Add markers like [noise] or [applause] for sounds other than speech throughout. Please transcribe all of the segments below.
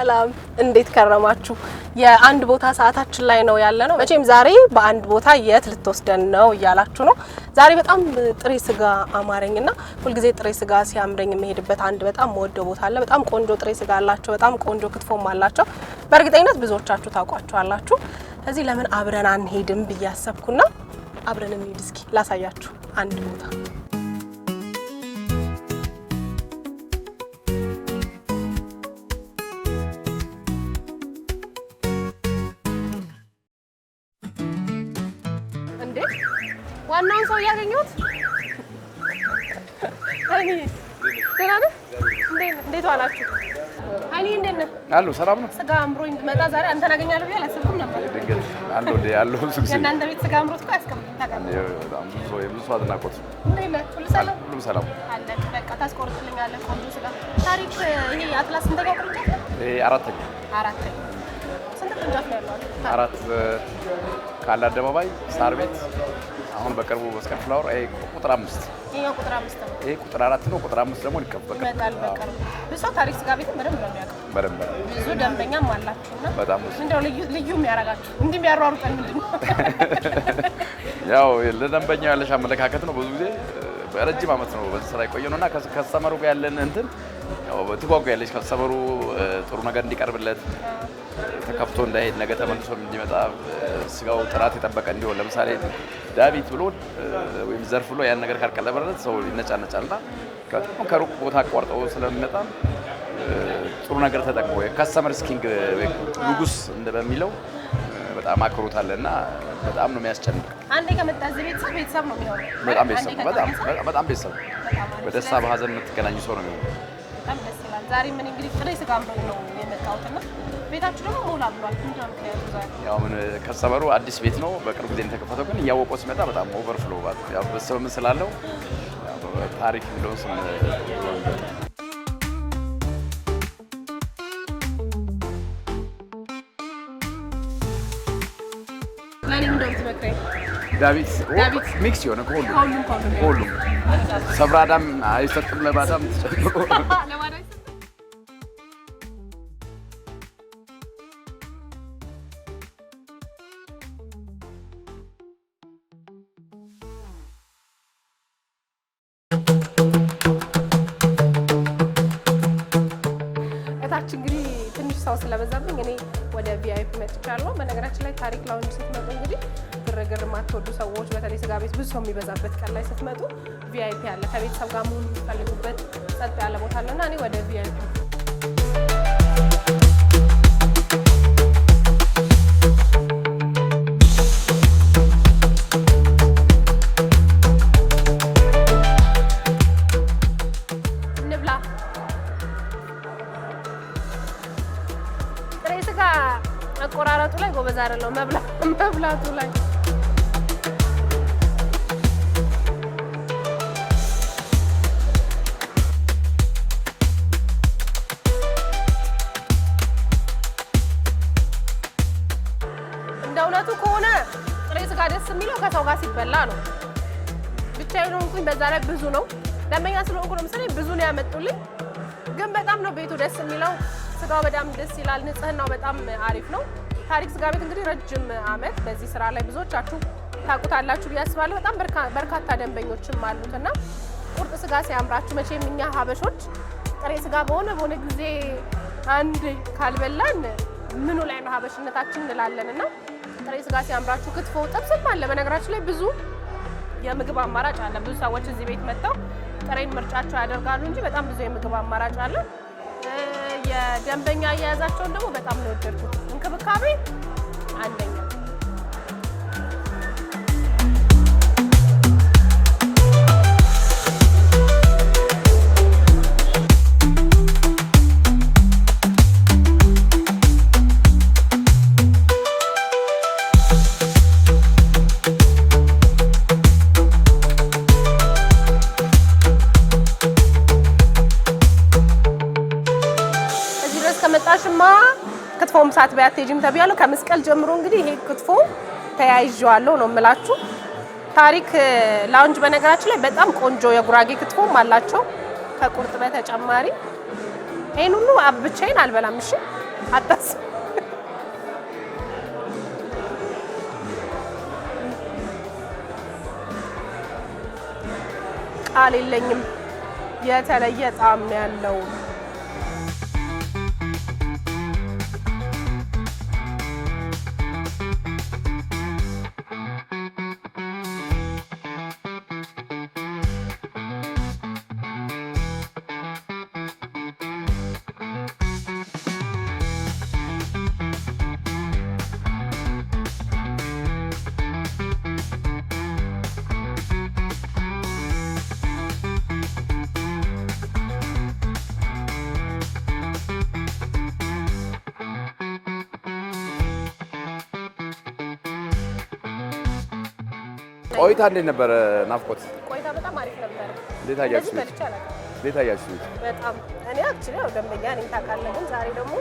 ሰላም እንዴት ከረማችሁ? የአንድ ቦታ ሰዓታችን ላይ ነው ያለ ነው። መቼም ዛሬ በአንድ ቦታ የት ልትወስደን ነው እያላችሁ ነው። ዛሬ በጣም ጥሬ ስጋ አማረኝና ሁልጊዜ ጥሬ ስጋ ሲያምረኝ የሚሄድበት አንድ በጣም መወደው ቦታ አለ። በጣም ቆንጆ ጥሬ ስጋ አላቸው። በጣም ቆንጆ ክትፎም አላቸው። በእርግጠኝነት ብዙዎቻችሁ ታውቋቸዋላችሁ። እዚህ ለምን አብረን አንሄድም ብዬ አሰብኩና አብረን እንሂድ። እስኪ ላሳያችሁ አንድ ቦታ ሰው እያገኘሁት። ደህና ነህ? እንዴት ዋላችሁ? ኃይሌ እንደት ነህ? አለሁ ሰላም ነው። ስጋ አምሮኝ ብመጣ ዛሬ አንተን አገኛለሁ ብዬ አላሰብኩም ነበር። የእናንተ ቤት ስጋ አምሮት እኮ አያስቀምጥም ታውቃለህ። የብዙ ሰው አድናቆት። ሁሉም ሰላም በቃ ታስቆርጥልኛለህ ቆንጆ ስጋ። ታሪክ ይሄ አትላስ ስንተኛ አራተኛ አራተኛ አራት ካለ አደባባይ ሳር ቤት አሁን በቅርቡ መስቀል ፍላወር ቁጥር አምስት ቁጥር አራት ነው። ቁጥር አምስት ደግሞ ታሪክ ስጋ በደንብ ነው ብዙ ደንበኛም አላችሁና በጣም እንደው ልዩ እንዲህ የሚያሯሩጠን ምንድን ነው? [laughs] ያው ያለሽ አመለካከት ነው። ብዙ ጊዜ በረጅም አመት ነው በዚህ ስራ የቆየ ነው እና ከስተመሩ ጋር ያለን እንትን ትጓጓያለች ከሰበሩ ጥሩ ነገር እንዲቀርብለት ተከፍቶ እንዳይሄድ ነገ ተመልሶ እንዲመጣ ስጋው ጥራት የጠበቀ እንዲሆን ለምሳሌ ዳቢት ብሎ ወይም ዘርፍ ብሎ ያን ነገር ካልቀለበለት ሰው ይነጫነጫልና ከሩቅ ቦታ አቋርጠው ስለሚመጣ ጥሩ ነገር ተጠቅሞ ከስተመር ስኪንግ ንጉስ እንደበሚለው በጣም አክሮታል እና በጣም ነው የሚያስጨንቅ። አንዴ ከመጣ እዚህ ቤተሰብ ቤተሰብ ነው የሚሆነው። በጣም ቤተሰብ በጣም በደስታ በሀዘን የምትገናኙ ሰው ነው የሚሆነው። በጣም ደስ ይላል። ዛሬ ምን እንግዲህ ጥሬ ስጋ ብሎኝ ነው የመጣሁት እና ቤታችሁ ደግሞ ሞላ ብሏል። ምንድን ነው ምክንያቱ? ያው ምን ከሰመሩ አዲስ ቤት ነው በቅርብ ጊዜ የተከፈተው፣ ግን እያወቀው ሲመጣ በጣም ኦቨርፍሎ በሰብ ምን ስላለው ታሪክ ብሎ ስም ዳዊት ሚክስ የሆነ ከሁሉም ከሁሉም ሰብራዳም አይሰጥም ለባዳም [laughs] ስለበዛብኝ እኔ ወደ ቪአይፒ መጥቻለሁ። በነገራችን ላይ ታሪክ ላውንጅ ስትመጡ እንግዲህ ግርግር የማትወዱ ሰዎች በተለይ ስጋ ቤት ብዙ ሰው የሚበዛበት ቀን ላይ ስትመጡ ቪአይፒ አለ። ከቤተሰብ ጋር መሆን የሚፈልጉበት ጸጥ ያለ ቦታ አለና እኔ ወደ ቪአይፒ መቆራረጡ ላይ ጎበዝ አይደለሁም፣ [laughs] መብላቱ ላይ እውነቱ ከሆነ ጥሬ ስጋ ደስ የሚለው ከሰው ጋር ሲበላ ነው። ብቻዬን ሆንኩኝ። በዛ ላይ ብዙ ነው ደንበኛ ስለሆንኩ ነው መሰለኝ ብዙ ነው ያመጡልኝ። ግን በጣም ነው ቤቱ ደስ የሚለው። ስጋው በጣም ደስ ይላል። ንጽህናው በጣም አሪፍ ነው። ታሪክ ስጋ ቤት እንግዲህ ረጅም አመት በዚህ ስራ ላይ ብዙዎቻችሁ ታውቁታላችሁ ብዬ አስባለሁ። በጣም በርካታ ደንበኞችም አሉት እና ቁርጥ ስጋ ሲያምራችሁ መቼም እኛ ሀበሾች ጥሬ ስጋ በሆነ በሆነ ጊዜ አንድ ካልበላን ምኑ ላይ ነው ሀበሽነታችን እንላለን እና ጥሬ ስጋ ሲያምራችሁ ክትፎ፣ ጥብስም አለ። በነገራችን ላይ ብዙ የምግብ አማራጭ አለ። ብዙ ሰዎች እዚህ ቤት መጥተው ጥሬን ምርጫቸው ያደርጋሉ እንጂ በጣም ብዙ የምግብ አማራጭ አለ። የደንበኛ አያያዛቸውን ደግሞ በጣም ነው የወደድኩት። እንክብካቤ አንደኛ ከመጣሽማ ክትፎም ሰዓት በያት ሄጂም ተብያለሁ። ከመስቀል ጀምሮ እንግዲህ ይሄ ክትፎ ተያይዤዋለሁ ነው የምላችሁ። ታሪክ ላውንጅ በነገራችን ላይ በጣም ቆንጆ የጉራጌ ክትፎም አላቸው ከቁርጥ በተጨማሪ። ይሄን ሁሉ አብቻዬን አልበላም። እሺ አጣስ ቃል የለኝም። የተለየ ጣዕም ያለው ቆይታ እንዴት ነበር ናፍቆት ቆይታ በጣም አሪፍ ነበር። እንዴት አያችሁ? እንዴት አያችሁ? በጣም እኔ አክቹሊ ያው ደንበኛ ነኝ ታውቃለህ፣ ግን ዛሬ ደግሞ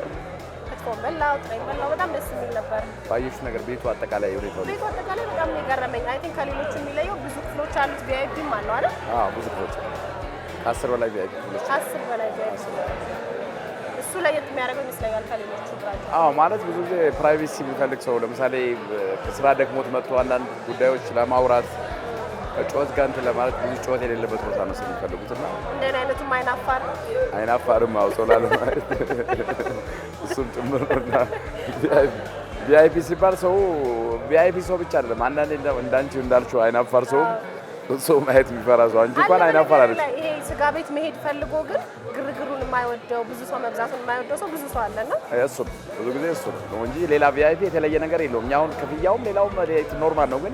ክትፎ በላው፣ ጥሬን በላው። በጣም ደስ የሚል ነበር። ባየሽው ነገር ቤቱ አጠቃላይ ሁኔታው ቤቱ አጠቃላይ በጣም ነው የገረመኝ። አይ ቲንክ ከሌሎቹ የሚለየው ብዙ ክፍሎች አሉት። ቪአይፒም አለው አይደል? አዎ ብዙ ክፍሎች ከአስር በላይ ቪአይፒ ከአስር በላይ ቪአይፒ እሱ ለየት የሚያደርገው ይመስለኛል ከሌሎቹ አዎ ማለት ብዙ ጊዜ ፕራይቬሲ የሚፈልግ ሰው ለምሳሌ ከስራ ደክሞት መጥቶ አንዳንድ ጉዳዮች ለማውራት ጩኸት ጋር እንትን ለማለት ብዙ ጩኸት የሌለበት ቦታ ነው የሚፈልጉት እና እንደኔ አይነቱም አይናፋር አይናፋርም አውጦላ ለማለት እሱም ጭምር ነውና ቪአይፒ ሲባል ሰው ቪአይፒ ሰው ብቻ አይደለም። አንዳንዴ እንዳንቺ እንዳልሽው አይናፋር ሰው ሰው ማየት የሚፈራ ሰው አንቺ እንኳን አይናፋር ይሄ ስጋ ቤት መሄድ ፈልጎ ግን ግርግር የማይወደው ብዙ ሰው መብዛቱን የማይወደው ሰው ብዙ ሰው አለና እሱ ብዙ ጊዜ እሱ ነው እንጂ ሌላ ቪአይፒ የተለየ ነገር የለውም። እኛ አሁን ክፍያውም ሌላውም ኖርማል ነው፣ ግን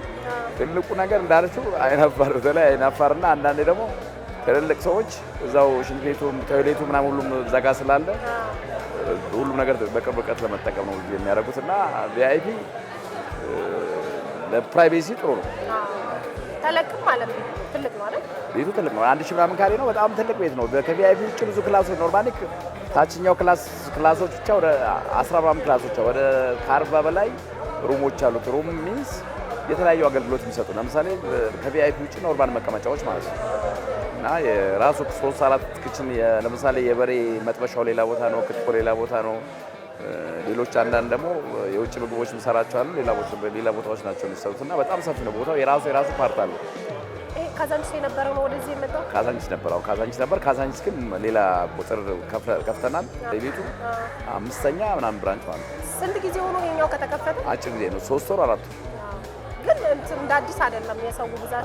ትልቁ ነገር እንዳለችው አይናፋር በተለይ አይናፋርና አንዳንዴ ደግሞ ትልልቅ ሰዎች እዛው ሽንት ቤቱ ቶይሌቱ ምናምን ሁሉም እዛ ስላለ ሁሉም ነገር በቅርብ ርቀት ለመጠቀም ነው የሚያደርጉት እና ቪአይፒ ለፕራይቬሲ ጥሩ ነው። ተለቅም ማለት ነው። ትልቅ ነው አይደል? ቤቱ ትልቅ ነው። አንድ ሺህ ምናምን ካሬ ነው። በጣም ትልቅ ቤት ነው። ከቪአይፒ ውጭ ብዙ ክላሶች ኖርማሊ ታችኛው ክላስ ክላሶች ብቻ ወደ 10 ምናምን ክላሶች ወደ ከአርባ በላይ ሩሞች አሉት። ሩም ሚንስ የተለያዩ አገልግሎት የሚሰጡ ለምሳሌ ከቪአይፒ ውጭ ኖርማል መቀመጫዎች ማለት ነው። እና የራሱ ሶስት አራት ክችን ለምሳሌ የበሬ መጥበሻው ሌላ ቦታ ነው፣ ክትፎ ሌላ ቦታ ነው ሌሎች አንዳንድ ደግሞ የውጭ ምግቦች ምሰራቸው አሉ። ሌላ ቦታዎች ናቸው የሚሰሩት እና በጣም ሰፊ ነው ቦታው። የራሱ የራሱ ፓርት አለ። ካዛንቺስ የነበረው ነው ወደዚህ የመጣው ካዛንቺስ ነበር። አዎ ካዛንቺስ ነበር። ካዛንቺስ ግን ሌላ ቁጥር ከፍተናል። የቤቱ አምስተኛ ምናምን ብራንች ማለት ነው። ስንት ጊዜ ሆኖ ይኛው ከተከፈተ? አጭር ጊዜ ነው፣ ሶስት ወር አራት ወር ግን እንደ አዲስ አይደለም። የሰው ብዛት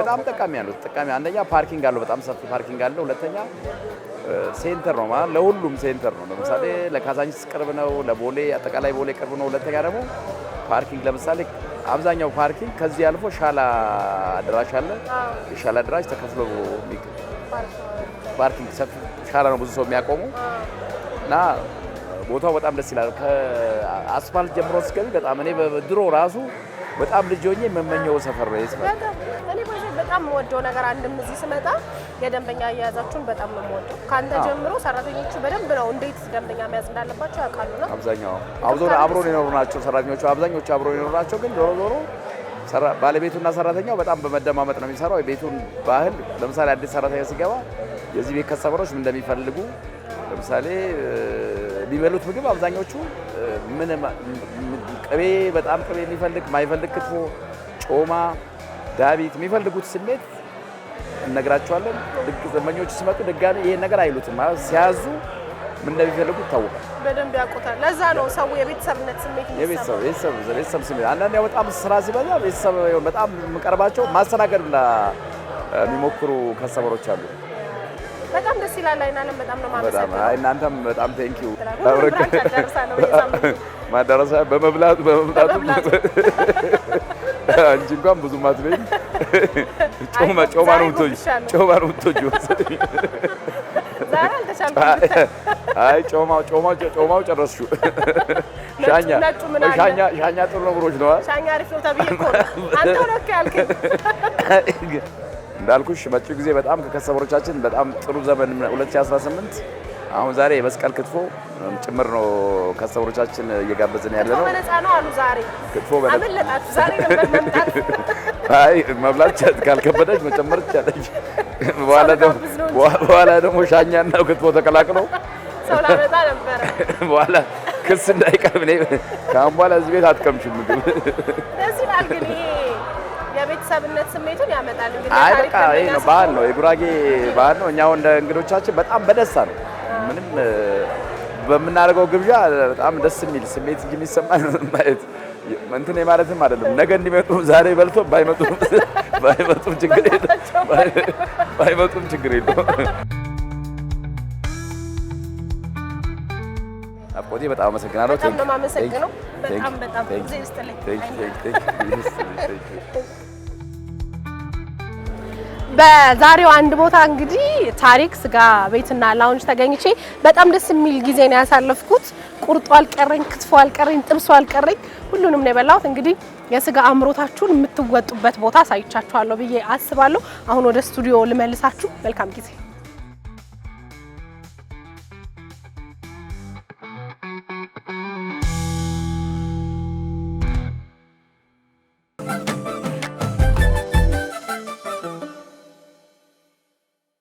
በጣም ጠቃሚ ያለው ጠቃሚ አንደኛ ፓርኪንግ አለው፣ በጣም ሰፊ ፓርኪንግ አለው። ሁለተኛ ሴንተር ነው ማለት ለሁሉም ሴንተር ነው። ለምሳሌ ለካዛንቺስ ቅርብ ነው፣ ለቦሌ አጠቃላይ ቦሌ ቅርብ ነው። ሁለተኛ ደግሞ ፓርኪንግ ለምሳሌ አብዛኛው ፓርኪንግ ከዚህ አልፎ ሻላ አድራሽ አለ። ሻላ አድራሽ ተከፍሎ ፓርኪንግ ሻላ ነው ብዙ ሰው የሚያቆሙ እና ቦታው በጣም ደስ ይላል። ከአስፋልት ጀምሮ እስከዚህ በጣም እኔ በድሮ ራሱ በጣም ልጅ ሆኜ የምመኘው ሰፈር ነው። ይስፋ እኔ በጣም ወደው ነገር አንድም እዚህ ስመጣ የደንበኛ አያያዛችሁን በጣም ነው የምወደው። ከአንተ ጀምሮ ሰራተኞቹ በደንብ ነው እንዴት ደንበኛ መያዝ እንዳለባቸው ያውቃሉና አብዛኛው አብሮ የኖሩ ናቸው ሰራተኞቹ አብዛኞቹ አብሮ የኖሩ ናቸው። ግን ዞሮ ዞሮ ባለቤቱና ሰራተኛው በጣም በመደማመጥ ነው የሚሰራው። የቤቱን ባህል ለምሳሌ አዲስ ሰራተኛ ሲገባ የዚህ ቤት ከስተመሮች ምን እንደሚፈልጉ ለምሳሌ የሚበሉት ምግብ አብዛኞቹ ምንም ቅቤ በጣም ቅቤ የሚፈልግ ማይፈልግ ክትፎ፣ ጮማ፣ ዳቢት የሚፈልጉት ስሜት እነግራቸዋለን። ዘመኞቹ ሲመጡ ድጋሚ ይሄን ነገር አይሉትም ሲያዙ ምን እንደሚፈልጉ ይታወቃል። በደንብ ያውቁታል። ለዛ ነው ሰው የቤተሰብነት ስሜት የቤተሰብ ስሜት አንዳንድ ያው በጣም ስራ ሲበዛ ቤተሰብ በጣም የምቀርባቸው ማስተናገድ የሚሞክሩ ከሰበሮች አሉ። በጣም ደስ ይላል። አይናለም በጣም ነው ማመሰግነው። አይ እናንተም በጣም ቴንክ ዩ ማዳረሳ በመብላት በመምጣቱ አንቺ [laughs] እንኳን ብዙ ማትበይም [laughs] [laughs] ጮማ ጮማ ነው የምትወጂው ጮማ ነው የምትወጂው። አይ ጮማው ጮማው ጮማው ጨረስሽው። ሻኛ ሻኛ ሻኛ ጥሩ ነገሮች ነዋ። ሻኛ አሪፍ ነው ተብዬ እኮ አንተ ነው ያልከኝ እንዳልኩሽ መጪው ጊዜ በጣም ከከሰበሮቻችን በጣም ጥሩ ዘመን 2018 አሁን ዛሬ የመስቀል ክትፎ ጭምር ነው። ከሰበሮቻችን እየጋበዝን ያለ ነው። በነፃ ነው አሉ ዛሬ ክትፎ ዛሬ [laughs] አይ መብላት ካልከበደች መጨመር በኋላ ደግሞ ክትፎ ተቀላቅሎ [laughs] በኋላ ክስ እንዳይቀርብ ከአሁን በኋላ እዚህ ቤት አትቀምሽም ምግብ ደስ ይላል ግን የቤተሰብነት ስሜቱን ያመጣል። እንግዲህ አይ በቃ ይሄ ነው ባህል ነው፣ የጉራጌ ባህል ነው። እኛው እንደ እንግዶቻችን በጣም በደስታ ነው ምንም በምናደርገው ግብዣ በጣም ደስ የሚል ስሜት እንጂ የሚሰማን ማለት እንትን ማለትም አይደለም። ነገ እንዲመጡም ዛሬ በልቶ ባይመጡም ችግር የለውም። ናፍቆቴ በጣም አመሰግናለሁ። በጣም ነው የማመሰግነው። በጣም በጣም ጊዜ ይስጥልኝ። [laughs] በዛሬው አንድ ቦታ እንግዲህ ታሪክ ስጋ ቤትና ላውንጅ ተገኝቼ በጣም ደስ የሚል ጊዜ ነው ያሳለፍኩት። ቁርጦ አልቀረኝ፣ ክትፎ አልቀረኝ፣ ጥብሶ አልቀረኝ፣ ሁሉንም ነው የበላሁት። እንግዲህ የስጋ አምሮታችሁን የምትወጡበት ቦታ አሳይቻችኋለሁ ብዬ አስባለሁ። አሁን ወደ ስቱዲዮ ልመልሳችሁ። መልካም ጊዜ